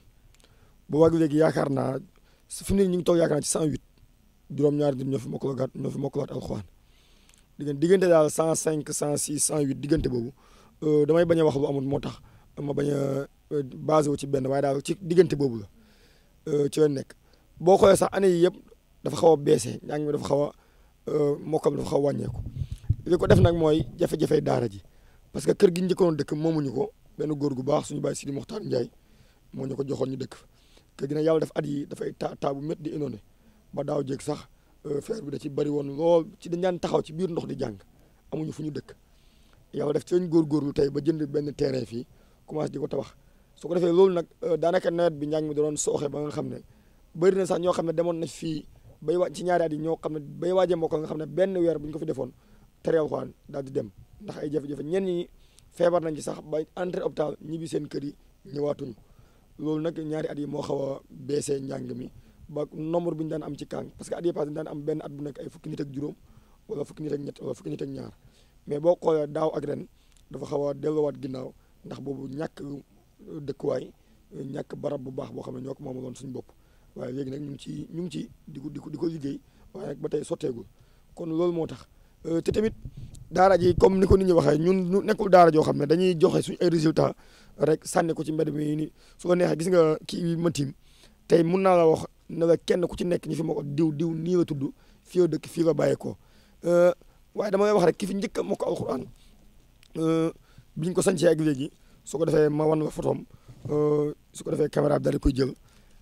bu wàgg léegi yaakaar naa fi mu ne ñu ngi toog yaakaar naa ci cent huit juróom-ñaari nit ñoo fi mokkalaat ñoo fi mokkalaat alxuraan diggante diggante daal cent cinq cent six cent huit diggante boobu euh, damay bañ a wax lu amul moo tax ma bañ a basé wu ci benn waaye daal ci diggante boobu la ci la nekk. boo xoolee sax année yi yëpp dafa xaw a baissé njàng mi dafa xaw a euh, mokkam dafa xaw wàññeeku li ko def nag mooy jafe-jafe daara ji parce que kër gi njëkkoon dëkk moomuñu ko benn góor gu baax suñu baay Sidi Mokhtar Ndiaye moo ñu ko joxoon ñu dëkk fa kër gi nag yàlla def at yi dafay taa taa bu métti di inondé ba daaw jeeg sax euh, feer bi da ci bari woon lool ci dañ daan taxaw ci biir ndox di jàng amuñu fu ñu dëkk yàlla def ci lañ góorgóorlu tey ba jënd benn terrain fii commencé di ko tabax su ko defee loolu nag euh, daanaka nawet bi njàng mi da doon ba nga xam ne bari na sax ñoo xam ne demoon na fii bay waa ci ñaari at yi ñoo xam ne bay waajee mokkal nga xam ne benn weer bu ñu ko fi defoon terewul Alxuraan daal di dem ndax ay jafe-jafe ñenn ñi feebar nañ ci sax ba entré hôpital ñibbi seen kër yi ñëwaatuñu loolu nag ñaari at yi moo xaw a baissé njàng mi ba nombre bu ñu daan am ci kàng parce que at yi passé daan am benn at bu nekk ay fukki nit ak juróom wala fukki nit ak ñett wala ñaar mais boo xoolee daaw ak ren dafa xaw a delluwaat ginnaaw ndax boobu ñàkk dëkkuwaay ñàkk barab bu baax boo xam ne ñoo ko moomaloon suñu bopp waaye léegi nag ñu ngi ci ñu ngi ci di ko di ko liggéey waaye nag ba tey sotteegul kon loolu moo tax euh, te tamit daara ji comme ni ko nit ñi waxee ñun ñu nekkul daara joo xam ne dañuy joxe suñ ay résultat rek sànni ko ci mbedd mi nii soo ko neexee gis nga kii ma tiim tey mun naa la wax ne la kenn ku ci nekk ñu fi ma ko diw diw nii la tudd fii la dëkk fii la bàyyeekoo euh, waaye dama lay wax rek ki fi njëkk a mokk alxuraan euh, biñ ko sancee ak léegi soo ko defee ma wan la photom su ko defee caméra bi koy jël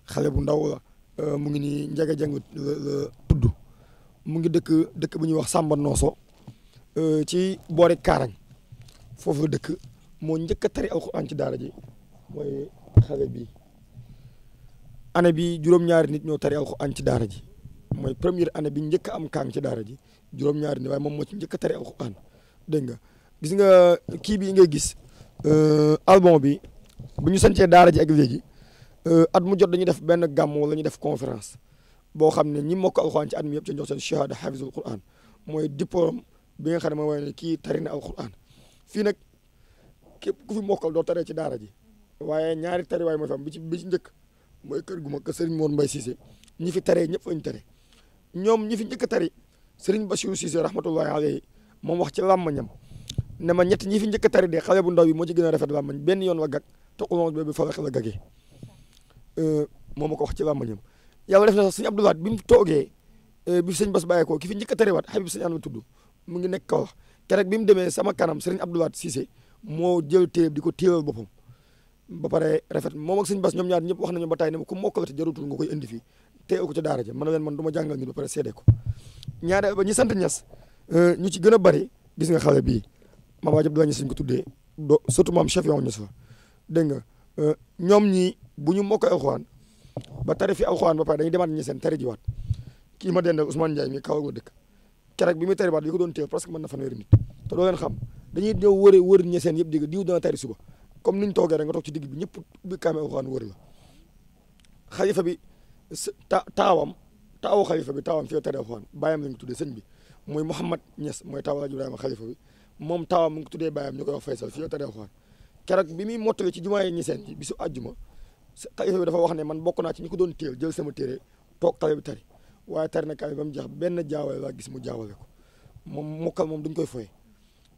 xale bu ndaw la Euh, mu ngi ni Ndiaga Dieng la euh, tudd euh, mu ngi dëkk dëkk bu ñuy wax Samba Nooso ci boori Kaarañ foofu dëkk moo njëkk tari alxuraan ci daara ji mooy xale bi année bi juróom-ñaari nit ñoo tari alxuraan ci daara ji mooy première année bi njëkk a kaa kaang ci daara ji juróom-ñaari nit waaye moom moo ci njëkk a tari alxuraan dégg nga gis nga kii bi ngay gis album bi bu ñu sancee daara ji ak léegi Euh, at mu jot dañuy def benn gàmm wala ñu def conférence boo xam ne ñi mokk alxuraan ci at mi yëpp ci jox seen shahada xafizul quran mooy diplôme bi nga xam ne mooy wane kii tari na alxuraan fii nag képp ku fi mokkal doo taree ci daara ji waaye ñaari tari waaye mooy fam bi ci ci njëkk mooy kër gu mag kër Serigne Mor Mbaye ñi fi taree ñëpp fañ ñoom ñi fi njëkk a tari Serigne Bassirou Cissé rahmatullahi alayhi moom wax ci làmmañam ne ma ñett ñi fi njëkk a tari de xale bu ndaw bi moo ci gën a rafet làmmañ benn yoon la gag te xulon bi bi falax la gagee Euh, moo ma ko wax ci làmbañam yàlla def na sax sëñ Abdou Lahad bi mu toogee euh, bi sëñ Bass bàyyeekoo ki fi njëkk a terewaat Habib sëñ Anam tudd mu ngi nekk kaw wax keroog bi mu demee sama kanam sëriñ Abdou Lahad Cissé moo jël téeb di ko téelal boppam ba pare rafet moom ak sëñ Bass ñoom ñëpp wax nañu ba tay ne ma ku mokkalati jarutul nga koy indi ko ca daara ja man leen man du ma jàngal ñu ba pare sant ñas euh, ñu ci gën a bari gis nga xale bii maam waajab du wàññi suñ ko tuddee do surtout maam chef yoon ñas fa dégg nga bu ñu mokkee alxuraan ba tari fi alxuraan ba pare dañuy demaat ñi seen tari jiwaat kii ma dend Ousmane Ndiaye mi kaw a dëkk keroog bi muy tari baat bi ko doon téye presque mën na fanweeri nit te doo dañuy ñëw wëre wër ñi seen yëpp digg diw comme ni ñu toogee rek nga toog ci digg bi ñëpp ubbi kaame alxuraan wër la xalifa bi ta taawam taawu bi taawam fi la tari alxuraan bàyyam tuddee sëñ bi muy Mouhamad Niass mooy taawu Alaaji Ibrahima xalifa bi moom taawam mu ngi tuddee bàyyam ñu koy wax Faysal fi la tari alxuraan keroog bi muy mottali ci jumaa yi ñi seen bi bisu àjjuma xalifa bi dafa wax ne man bokk naa ci ñi ko doon téel jël sama téere toog kawe bi tari waaye tari na kawe ba mu jeex benn jaawale laa gis mu jaawale ko moom mokkal moom duñ koy foye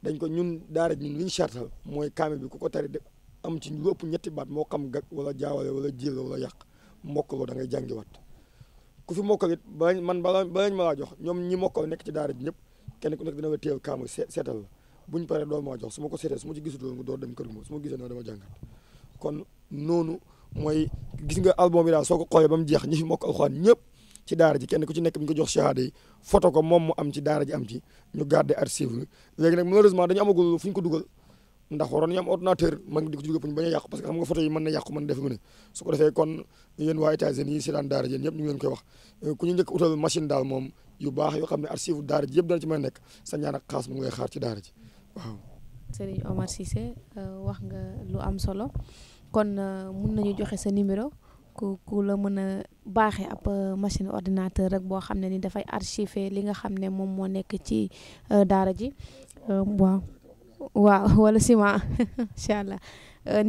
dañ ko ñun daara ñun li ñu chartal mooy kaame bi ku ko tari de am ci lu ëpp ñetti baat moo xam gag wala jaawale wala jéel wala yàq mokkaloo da ngay jàngiwaat ku fi mokkal it ba man bala balañ ma laa jox ñoom ñi mokkal nekk ci daara ji ñëpp kenn ku nekk dina la téel kaame seetal la buñ paree doo ma jox su ma ko seetee su ma ci gisul loolu door dem kër gi su ma gisee noonu dama jàngat kon noonu mooy gis nga album bi daal soo ko xoolee ba mu jeex ñi fi mokk alxuraan ñëpp ci daara ji kenn ku ci nekk bi ñu jox shahada yi photo ko moom mu am ci daara ji am ci ñu garder archive léegi nag malheureusement dañu amagul fu ñu ko dugal ndax waroon am ordinateur mag di a yàqu parce que xam nga photo yi mën na yàqu mën na def mu ne su ko defee kon yéen waa euh, moom yu baax yoo xam ne archive daara ji yëpp dana ci mën a nekk sa ñaan ak xaas mu ngi lay xaar ci daara ji waaw Serigne Omar Cissé euh, wax nga lu am solo kon euh, mun nañu joxe sa numéro ku la mën a baaxe ab euh, machine ordinateur rek boo xam ne ni dafay archiver li nga xam ne moom moo nekk ci euh, daara ji waaw waaw wala ciment incha allah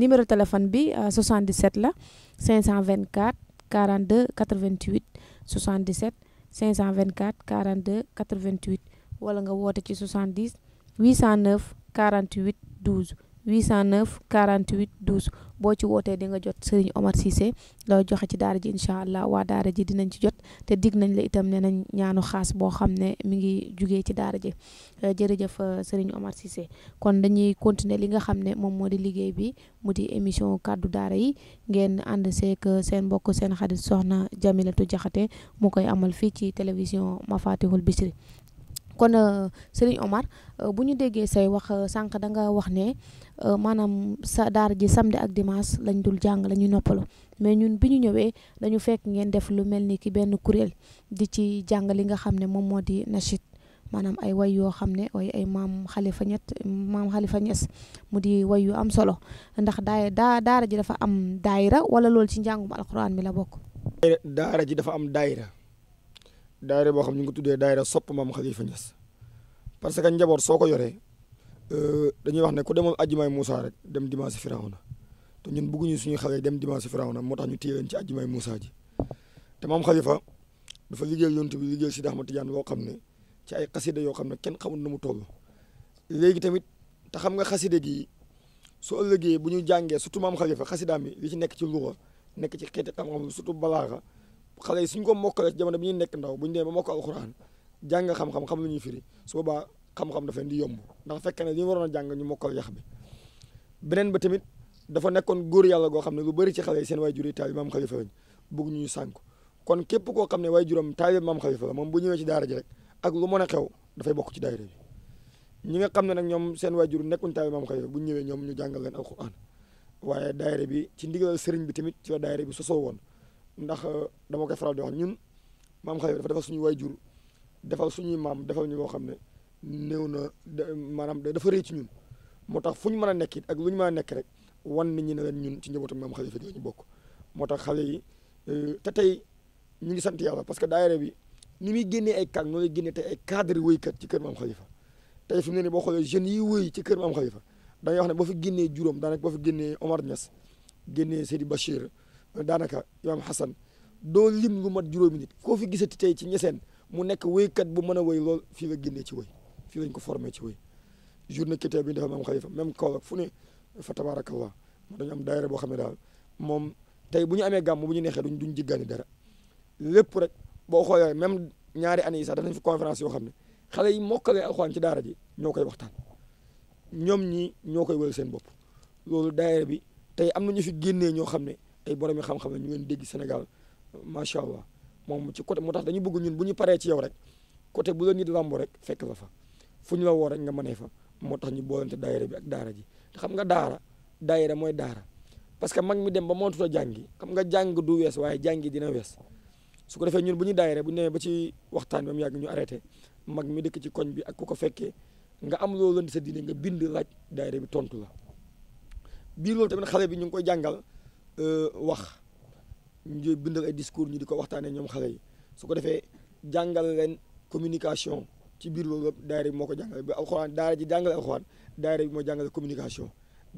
numéro téléphone bi 77 la 524 42 88 77 524 42 88 wala nga woote ci 70 809 48 12 809 48 12 boo ci wootee di nga jot Serigne Omar Cissé loo joxe ci daara ji incha allah waa daara ji dinañ ci jot te digg nañ la itam ne nañ ñaanu xaas boo xam ne mi ngi jugee ci daara ji euh, jërëjëf euh, Serigne Omar Cissé kon dañuy continuer li nga xam ne moom moo di liggéey bi mu di émission kàddu daara yi ngeen ànd seek euh, seen mbokk seen xarit soxna Jamilatu Jaxate mu koy amal fii ci télévision ma Mafatihul Bichri kon euh, Serigne Omar euh, bu ñu déggee say wax euh, sànq da nga wax ne maanaam sa daara ji samedi ak dimance lañ dul jàng la ñuy noppalu mais ñun bi ñu ñëwee dañu fekk ngeen def lu mel ni ki benn kuréel di ci jàng li nga xam ne moom moo di nachid maanaam ay way yoo xam ne way ay maam fa ñett maam xalifa ñes mu di way yu am solo ndax daay daa daara ji dafa am daayira wala loolu ci njàngum alquran mi la bokk. daara ji dafa am daayira. daayira boo xam ñu ngi tuddee daayira sopp maam Khalifa Niass parce que njaboot soo ko yoree euh, dañuy wax ne ku demoon ajjumaay Moussa rek dem dimanche Firawna te ñun bëgguñu suñu xale dem dimanche Firawna moo tax ñu téye leen ci ajjumaay Moussa ji te maam xalifa dafa liggéey yonent bi liggéey si Ahmad Tidiane loo xam ne ci ay xasida yoo xam ne kenn xamul nu mu toll léegi tamit te xam nga xasida gi su ëllëgee bu ñu jàngee surtout maam xalifa xasida mi li ci nekk ci luga nekk ci xeeti xam-xam surtout balaaxa xale yi suñ ko mokkale jamono bi ñuy nekk ndaw bu ñu demee ba mokk alxuraan jàng xam-xam xam lu ñuy firi su boobaa xam-xam dafa di yomb ndax fekk ne li ñu waroon a jàng ñu mokkal yax bi beneen ba tamit dafa nekkoon góor yàlla goo xam ne lu bëri ci xale yi seen waajur yi taalibe maam xalifa lañ bëgg ñu sànk kon képp koo xam ne waajuram taalibe maam xalifa la moom bu ñëwee ci daara ji rek ak lu mën a xew dafay bokk ci daayira bi ñi nga xam ne nag ñoom seen waajur nekkuñ taalibe maam xalifa bu ñëwee ñoom ñu jàngal leen alxuraan waaye daayira bi ci ndigalal sëriñ bi tamit ci la daayira bi sosoo woon ndax euh, dama koy faral di wax ñun maam xayo dafa defal suñuy waajur defal suñuy maam defal ñu loo xam ne néew na maanaam dafa rëy ci ñun moo tax fu ñu mën a nekk ak lu ñu mën a nekk rek wan nit ñi ne leen ñun ci njabootam maam xayo ñu bokk moo tax xale yi euh, te tey ñu ngi sant yàlla parce que daayira bi ni muy génnee ay kàgg noonu lay génnee tey ay cadre wéykat ci kër maam Khalifa tey fi ne nii boo xoolee jeunes yi wéy ci kër maam Khalifa dañuy wax ne boo fi génnee juróom daanaka boo fi génnee Omar génnee Seydi Bachir daanaka imaam Xasan doo lim lu mat juróomi nit koo fi gisati tey ci ñeseen mu nekk wéykat bu mën a wéy fii la génnee ci wéy fii lañ ko formé ci wéy na kitaab bi dafa am xalifa même Kaolack fu ne fa tabaarakallah dañu am daayira boo xam ne daal moom tey bu ñu amee gàmm bu ñu neexee duñ duñ jiggaani dara lépp rek boo xoolee même ñaari année yi sax danañ fi conférence yoo xam ne xale yi mokkalee alxuraan ci daara ji ñoo koy waxtaan ñoom ñi ñoo koy wël seen bopp loolu daayira bi tey am na ñu fi génnee ñoo xam ne ay borom yi xam-xam ñu ngeen dégg senegal macha allah moom ci côté moo tax dañu bëgg ñun bu ñu paree ci yow rek côté bu la nit làmb rek fekk la fa fu ñu la woo rek nga mënee fa moo tax ñu boolante daayira bi ak daara ji xam nga daara daayira mooy daara parce que mag mi dem ba montut a jàngi xam nga jàng du wees waaye jàngi dina wees su ko defee ñun bu ñu daayira bu ñu ba ci waxtaan yàgg ñu arrêté mag mi dëkk ci koñ bi ak ku ko fekkee nga am loolu lënd sa diine nga bind laaj daayira bi tontu la biir loolu tamit xale bi ñu ngi koy jàngal Euh, wax ñu bindal ay discours ñi di ko waxtaanee ñoom xale yi su ko defee jàngal leen communication ci biir loolu yëpp daara moo ko jàngale ba alxuraan daara ji jàngale alxuraan daara bi moo jàngale communication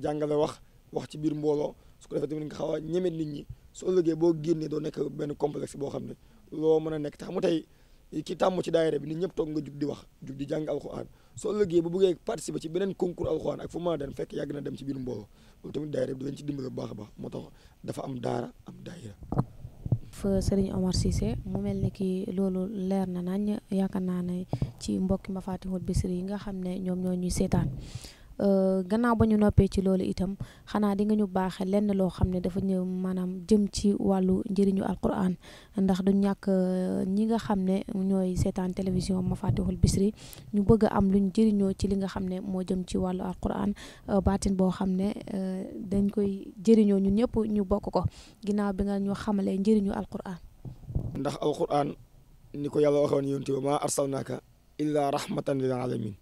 jàngale wax wax ci biir mbooloo su ko defee tamit nga xaw a ñeme nit ñi su ëllëgee boo génnee doo nekk benn complexe boo xam ne loo mën a nekk te xam nga tey ki tàmm ci daayira bi nit ñëpp toog nga jug di wax jug di jàng alxuraan soo ëllëgee bu bëggee participer ci beneen concours alxuraan ak fu mu mën a dem fekk yàgg na dem ci biir mbooloo loolu tamit daayira bi dañ ci dimbale bu baax a moo tax dafa am daara am daayira fa Serigne Omar Cissé mu mel ni ki loolu leer na nañ yaakaar naa ne ci mbokki Mafatihul Bichri yi nga xam ne ñoom ñoo ñuy seetaan Euh, gannaaw ba ñu noppee ci loolu itam xanaa dinga ñu baaxe lenn loo xam ne dafa ñëw maanaam jëm ci wàllu njëriñu alquran ndax du ñàkk euh, ñi nga xam ne ñooy seetaan télévision Mafatihul Bichri ñu bëgg a am luñ jëriñoo ci li nga xam ne moo jëm ci wàllu alquran euh, baatin boo xam ne dañ koy jëriñoo ñu ñëpp ñu bokk ko ginnaaw bi nga ñu xamalee njëriñu alquran ndax alquran ni ko yàlla waxoon yonent ba maa arsalnaaka illaa rahmatan lil alamin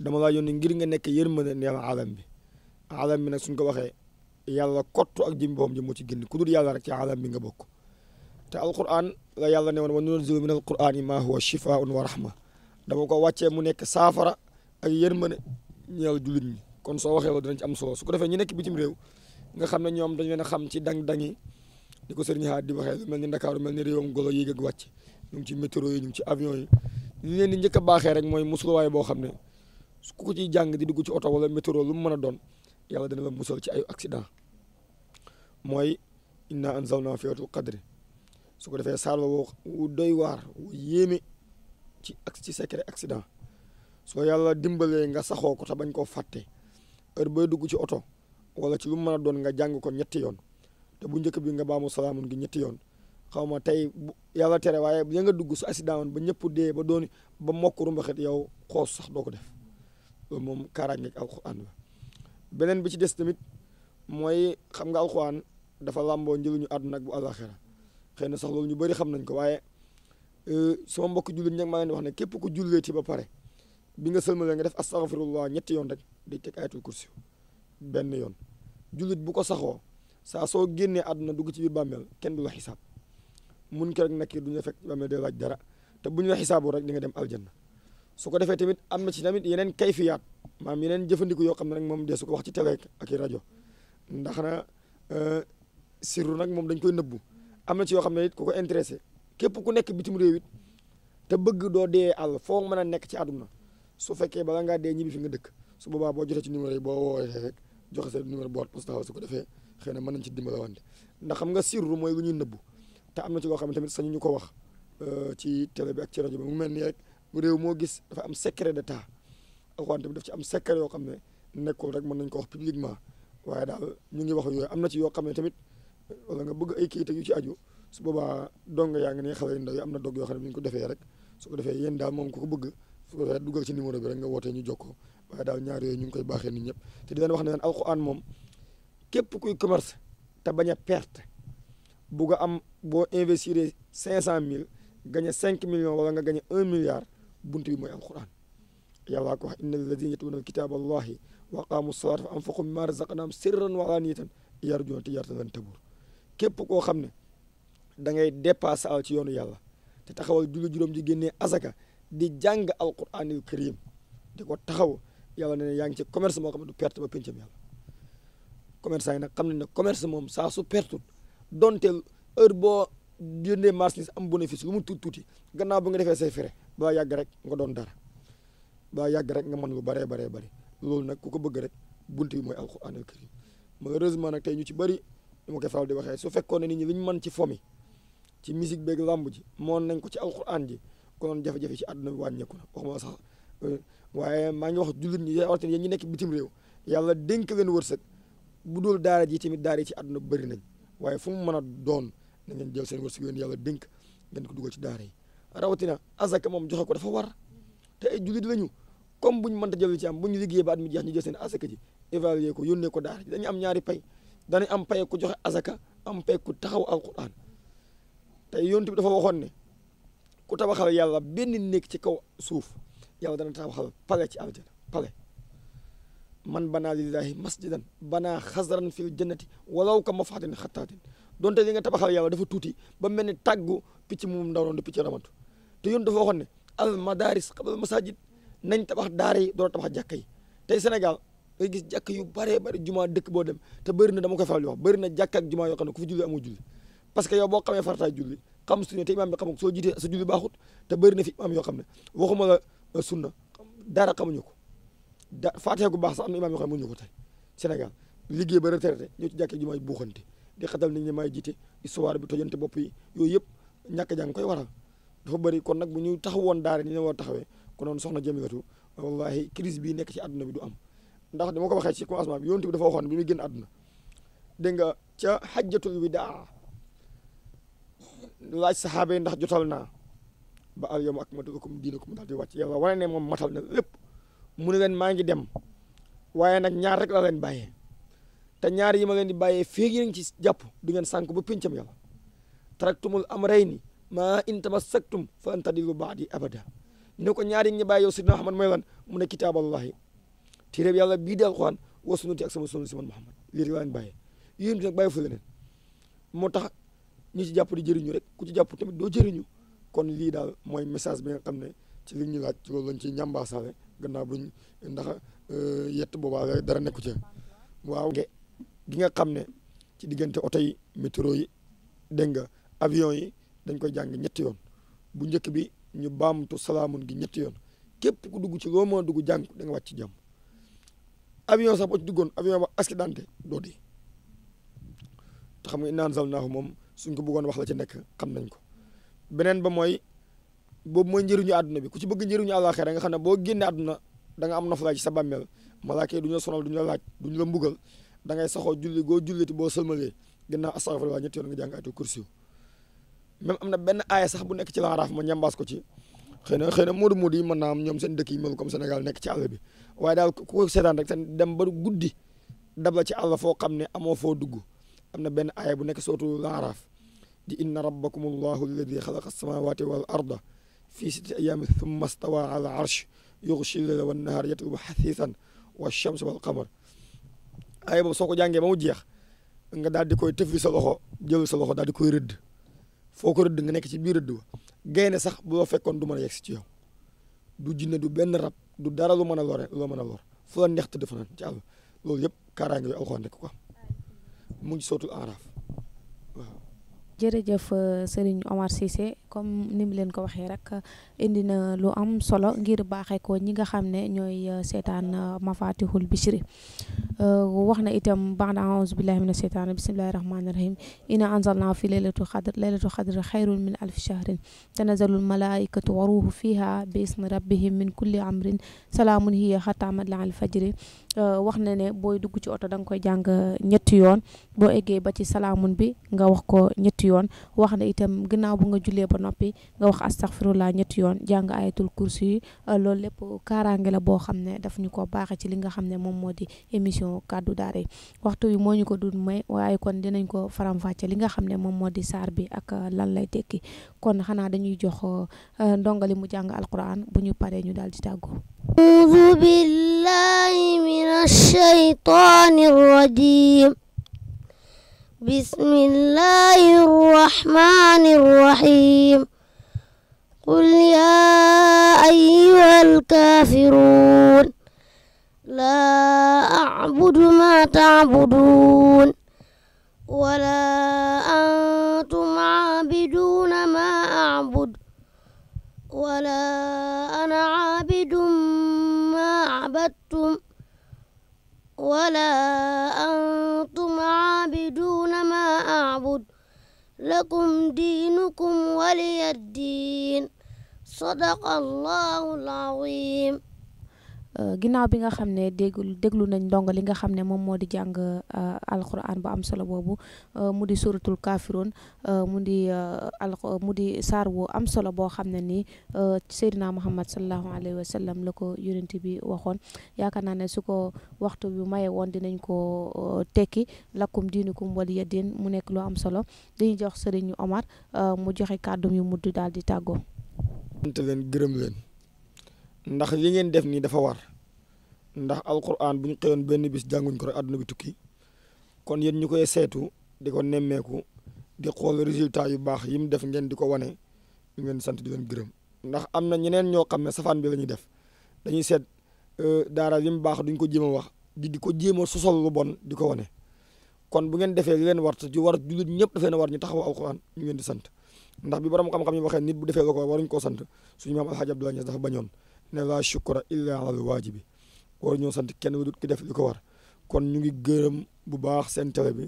dama laa yónni ngir nga nekk yërmande ñeel aalam bi aalam bi nag suñ ko waxee yàlla kottu ak jëm boppam ji moo ci génn ku dul yàlla rek ci aalam bi nga bokk te alquran la yàlla ne woon wa nunazzilu min alqurani ma huwa shifaun wa rahma dama ko wàccee mu nekk saafara ak yërmande ñeel jullit ñi kon soo waxee loolu dinañ ci am solo su ko defee ñu nekk bitim réew nga xam ne ñoom dañ leen a xam ci dang-dang yi di ko sëriñ xaat di waxee lu mel ni Ndakaaru mel ni réewam golo yéeg wàcc ñu ngi ci métro yi ñu ngi ci avion yi leen di njëkk baaxee rek mooy musluwaay boo xam ne ku ko ciy jàng di dugg ci oto wala météo lu mu mën a doon yàlla dana la musal ci ay accident mooy inna anzalna fi laylatul qadri su ko defee saar woo doy waar wu yéeme ci ak ci secret accident soo yàlla dimbalee nga saxoo ko te bañ koo fàtte heure booy dugg ci oto wala ci lu mën a doon nga jàng ko ñetti yoon te bu njëkk bi nga baamu salaamun gi ñetti yoon xaw ma tey yàlla tere waaye ya nga dugg su accident woon ba ñëpp dee ba doon ba mokk rumbaxit yow xoos sax ko def moom kaaraangeeg alxuraan la beneen bi ci des tamit mooy xam nga alxuraan dafa làmboo njëriñu àdduna ak bu àllaaxira xëy na sax loolu ñu bëri xam nañ ko waaye euh, sama mbokk jullit ñi nag maa wax ne képp ku julleeti ba pare bi nga sëlmalee nga def astaghfirullah ñetti yoon rek day teg ayatul kursi benn yoon jullit bu ko saxoo saa soo génnee àdduna dugg ci biir bàmmeel kenn du la xisaab mun ko rek nakir du ñu la fekk bàmmeel day laaj dara te bu ñu la xisaabu rek di nga dem aljanna su ko defee tamit am na ci tamit yeneen kayfiyaat maam yeneen jëfandiku yoo xam ne nag moom dee su ko wax ci télé ak i rajo ndax na euh, sirru nag moom dañ koy nëbbu am ci yoo xam ne it ku ko intéressé képp ku nekk bitim réew it te bëgg doo dee àll foo mën a nekk ci àdduna su fekkee bala ngaa dee ñibbi fi nga dëkk su boobaa boo jotee ci numéro yi boo woowee rek joxe sa numéro boîte su ko defee xëy na mën nañ ci dimbalawante ndax xam nga sirru mooy lu ñuy nëbbu te am na ci loo xam ne tamit sañu ñu ko wax euh, ci télé bi ak ci rajo bi mu mel ni rek réew moo gis dafa am secret d'état alxuraan tamit daf ci am secret yoo xam ne nekkul rek mën nañ ko wax publiquement waaye daal ñu ngi wax yooyu am na ci yoo xam ne tamit wala nga bëgg ay kayit yu ci aju su boobaa dong yaa ngi ne xale yu ndaw yi am na dog yoo xam ne bu ñu ko defee rek su ko defee yéen daal moom ku ko bëgg su ko defee dugal ci numéro bi rek nga wootee ñu jokkoo waaye daal ñaar yooyu ñu ngi koy baaxee nit ñëpp te di leen wax ne leen alxuraan moom képp kuy commerce te bañ a perte bu nga am boo investir cinq cent mille gagné cinq millions wala nga gagné un milliard bunt bi mooy alquran yàllaa ko wax inna alladina yatluuna kitaaba allahi wa aqaamu salaata fa anfaqu mimma razaqnaahum sirran wa alaaniyatan yarjuuna tijaaratan lan tabuur képp koo xam ne da ngay dépassé al ci yoonu yàlla te taxawal julli juróom ji génnee asaka di jàng alquranil karim di ko taxaw yàlla ne ne yaa ngi ci commerce moo xam ne du perte ba pencam yàlla commerçant yi nag xam nañ ne commerce moom saa su pertut donte heure boo jëndee marchandise am bénéfice lu mu tuuti tuuti gannaaw bu nga defee say frais ba yàgg rek nga doon dara ba yàgg rek nga mën lu baree baree bëri loolu nag ku ko bëgg rek bunt bi mooy alxuraanul karim malheureusement nag tey ñu ci bëri ñu ma koy faral di waxee su fekkoon ne nit ñi ñu man ci fomi ci musique beeg làmb ji moon nañ ko ci alxuraan ji konoon jafe-jafe ci àdduna bi wàññeeku na waxuma sax euh, waaye maa ngi wax jullit ñi ya waxtaan yéen ñi nekk bitim réew yàlla dénk leen wërsëg bu dul daara ji tamit daar yi ci àdduna bëri nañ waaye fu mu mën a doon na ngeen jël seen wërsëg yéen yàlla dénk ngeen ko dugal ci daara yi rawatina asaka moom joxe ko dafa war te ay jullit lañu comme bu ñu mënta jël ci am bu ñu liggéeyee ba at mi jeex ñu jël seen asaka ji évaluer ko yónnee ko daara dañu am ñaari pay dañu am pay ku joxe asaka am pay ku taxaw alquran te yonent bi dafa waxoon ne ku tabaxal yàlla benn néeg ci kaw suuf yàlla dana tabaxal pale ci aljana pale man banaa lillahi masjidan banaa xasran fil jannati walaw ka mafatin xattaatin donte li nga tabaxal yàlla dafa tuuti ba mel ni tàggu picc moom ndaw noonu di picc te yoon dafa waxoon ne al madaris qabla masajid nañ tabax daara yi door tabax jàkka yi tey Sénégal ngay gis yu bëree bëri jumaa dëkk boo dem te bëri na dama koy faral di wax bëri na jàkka ak jumaa yoo xam ne ku fi julli amoo julli parce que yow boo xamee farataay julli xam sunna te imaam bi xamoo soo te bëri na fi imaam yoo xam ne waxuma la euh, sunna dara xamuñu ko da faatee gu baax sax am na imaam yoo xam ne mënuñu ko tey Sénégal liggéey ba retraité ñëw ci jàkka jumaa buuxante di xatal nit ñi may jiite histoire bi tojante bopp yi yooyu yëpp ñàkk jàng koy waral dafa bari kon nag bu ñuy taxaw woon daare ñu ne war taxawee ko noonu soxna Jamilatu wallahi crise bi nekk si àdduna bi du am ndax dama ko waxee ci commencement bi yonent bi dafa waxoon bi muy génn àdduna dégg nga ca xajjatul widaa laaj saxaaba yi ndax jotal naa ba al yawma akmaltu lakum diinakum daal di wàcc yàlla wane ne moom matal na lépp mu ne leen maa ngi dem waaye nag ñaar rek la leen bàyyee te yi ma leen di bàyyee fii yéen ci jàpp du ngeen sànk ba pincam am taraktumul amrayni ma in tamassaktum fa an tadillu baadi abada ñu ne ko ñaari ñi bàyyi yow sidna Ahmad mooy lan mu ne kitaaballahi téere bi yàlla bii di alquran wa sunnati ak sama sunna si man Muhammad lii rek laa leen bàyyee yéen nag bàyyi fa leneen moo tax ñi ci jàpp di jëriñu rek ku ci jàpp tamit doo jëriñu kon lii daal mooy message bi nga xam ne ci li ñu laaj ci loolu lañ ciy ñàmbaasaale gannaaw buñ ndax euh, yett boobaa dara nekku ci waaw gi nga xam ne ci diggante oto yi yi dégg nga avion yi dañ koy jàng ñetti yoon bu njëkk bi ñu baamtu salaamun gi ñetti yoon képp ku dugg ci loo mën dugg jàng da nga wàcc jàmm avion sax boo ci duggoon ba accidenté doo dee te xam nga innaa anzalnaahu moom suñ ko bëggoon wax la ci nekk xam nañ ko beneen ba mooy boobu mooy njëriñu àdduna bi ku ci bëgg njëriñu àllaaxira nga xam ne boo génnee àdduna a nga am noflaay ci sa bàmmeel malaaka yi du ñu la sonal du ñu la mbugal da ngay saxoo julli goo julliti boo sëlmalee gannaaw astaghfirullah ñetti yoon nga jàng ayatul kursi même am na benn aaya sax bu nekk ci laaraaf ma ñambaas ko ci xëy na xëy na moodu moodu yi mën naa am ñoom seen dëkk yi mel comme Sénégal nekk ci àll bi waaye daal ku ko seetaan dem ba guddi daba ci àll foo xam ne amoo foo dugg am na benn aaya bu nekk sootu laaraaf di inna rabbakum allahu alladi xalaqa alsamawati wal arda fii sitti ayaami thumma stawa ala arsh yughshi layla wan nahaar yatlubu xasiisan wa shams wal qamar aaya boobu soo ko jàngee ba mu jeex nga daal di koy sa loxo jël sa loxo daal di koy rëdd foo ko rëdd nga nekk ci biir rëdd wa gaynde sax boo fekkoon du mën a yegg ci yow du jinne du benn rab du dara lu mën a lore loo mën a lor foo la neex tëdd fanaan ci àll loolu yëpp kaaraange bi alxuraan rek ko am mu ngi sootu aaraaf jërëjëf euh, Serigne Omar Cissé comme ni mu leen ko waxee rek indi na lu am solo ngir baaxee ko ñi nga xam ne ñooy euh, seetaan euh, mafatihul bichri wax na itam ba'da a'uuzu billahi mina sheytaani bismillahi rahmaani rahim inna anzalnaa fi laylatul qadr laylatul qadr xayrun min alfi shahrin tanazzalul malaaikatu wa ruuhu fiha bi ismi rabbihim min kulli amrin salaamun hiya hatta matla'il fajri Euh, wax na ne booy dugg ci oto da koy jàng euh, ñetti yoon boo eggee ba ci salaamun bi nga wax ko ñett yoon wax na itam ginnaaw bu nga jullee ba noppi nga wax astaghfirullah ñetti yoon jàng ayatul kursi yi euh, loolu lépp kaaraange boo xam ne daf ñu baaxee ci li nga xam ne moom moo di émission kàddu daara waxtu wi moo ñu ko dul may waaye kon dinañ ko faram li nga xam ne moom moo di saar bi ak lan lay tekki kon xanaa dañuy jox ndongali mu jàng alquran bu ñu paree ñu daal di tàggoo. من الشيطان الرجيم بسم الله الرحمن الرحيم قل يا أيها الكافرون لا أعبد ما تعبدون ولا أنتم عابدون ما أعبد ولا أنا عابد ما عبدتم ولا أنتم عابدون ما أعبد لكم دينكم ولي الدين صدق الله العظيم Euh, ginnaaw bi nga xam ne dégg déglu nañ ndongo li nga xam ne moom moo di jàng euh, alquran bu am solo boobu euh, mu di suratul kafirun mu di al mu di saar wu am solo boo xam ne ni seydina muhammad salallahu alayhi wa la ko yonent bi waxoon yaakaar naa ne su ko waxtu bi maye woon dinañ ko tekki lakkum diinukum waliya diin mu nekk lu am solo dañuy jox sëriñ Omar mu joxe kàddum yu mudd daal di tàggoo ndax li ngeen def nii dafa war ndax alquran bu ñu xëyoon benn bis jànguñ ko rek àdduna bi tukki kon yéen ñu koy seetu di ko nemmeeku di xool résultat yu baax yi mu def ngeen di ko wane ñu ngeen sant di leen gërëm ndax am na ñeneen ñoo xam ne safaan bi la ñuy def dañuy seet euh, daara yi mu baax duñ ko jéem a wax di di ko jéem a sosol lu bon di ko wane kon bu ngeen defee li leen war ci war jullit ñëpp dafee na war ñu taxaw alquran ñu ngeen di sant ndax bi borom xam-xam yi waxee nit bu defee la ko waruñ koo sant suñu maam alxaaj Abdoulaye Niass dafa bañoon ne laa shukra illa alal waajibi war ñoo sant kenn du ki def li ko war kon ñu ngi gërëm bu baax seen télé bi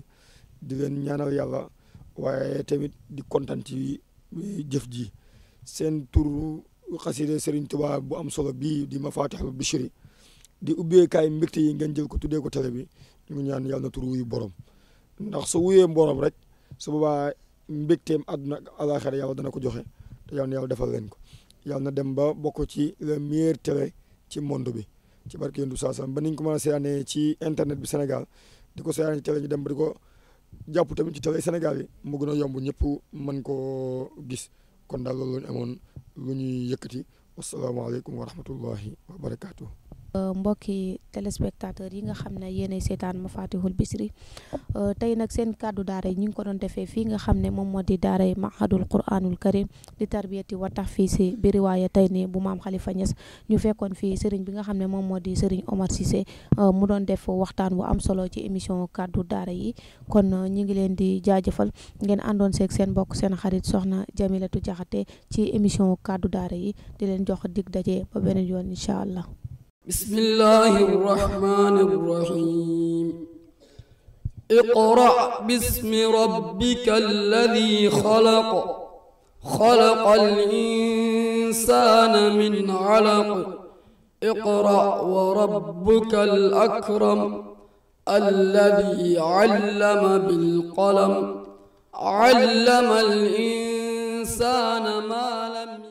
di leen ñaanal yàlla waaye tamit di kontaan ci jëf ji seen tur xasida Sëriñ Tuubaa bu am solo bii di Mafatihul Bichri di ubbeekaay mbégte yi ngeen jël ko tuddee ko télé bi ñu ngi ñaan yàlla na tur wuyu borom ndax su wuyee borom rek su boobaa mbégteem àdduna ak àlaaxira yàlla dana ko joxe te yàlla na yàlla defal leen ko yàlla na dem ba bokk ci le meilleur télé ci monde bi ci barke Yonent bi saa salaam ba ci internet bi Sénégal di ko seetaanee ci télé ñu dem ba di ko jàpp tamit ci télé Sénégal yi mu gën a yomb ñëpp mën koo gis kon daal loolu amoon lu ñuy yëkkati wasalaamaaleykum wa rahmatullahi wa barakaatu. Euh, mbokki téléspectateur yi nga xam ne yéenay seetaan Mafatihul bisiri euh, tey nag seen kàddu daara yi ñu ngi ko doon defee fii nga xam ne moom moo di daara mahadul quranul karim di tarbiyati wa tahfiisi bi riwaaya tey nii bu maam Khalifa Niass ñu fekkoon fii sëriñ bi nga xam ne moom moo di sëriñ Omar euh, mu doon def waxtaan wu am solo ci émission kàddu daara yi kon ñu ngi leen di jaajëfal ngeen àndoon seeg seen mbokk seen xarit soxna Jamilatu Jaxate ci émission kàddu daara yi di leen jox dig daje ba beneen yoon incha allah بسم الله الرحمن الرحيم اقرأ باسم ربك الذي خلق خلق الإنسان من علق اقرأ وربك الأكرم الذي علم بالقلم علم الإنسان ما لم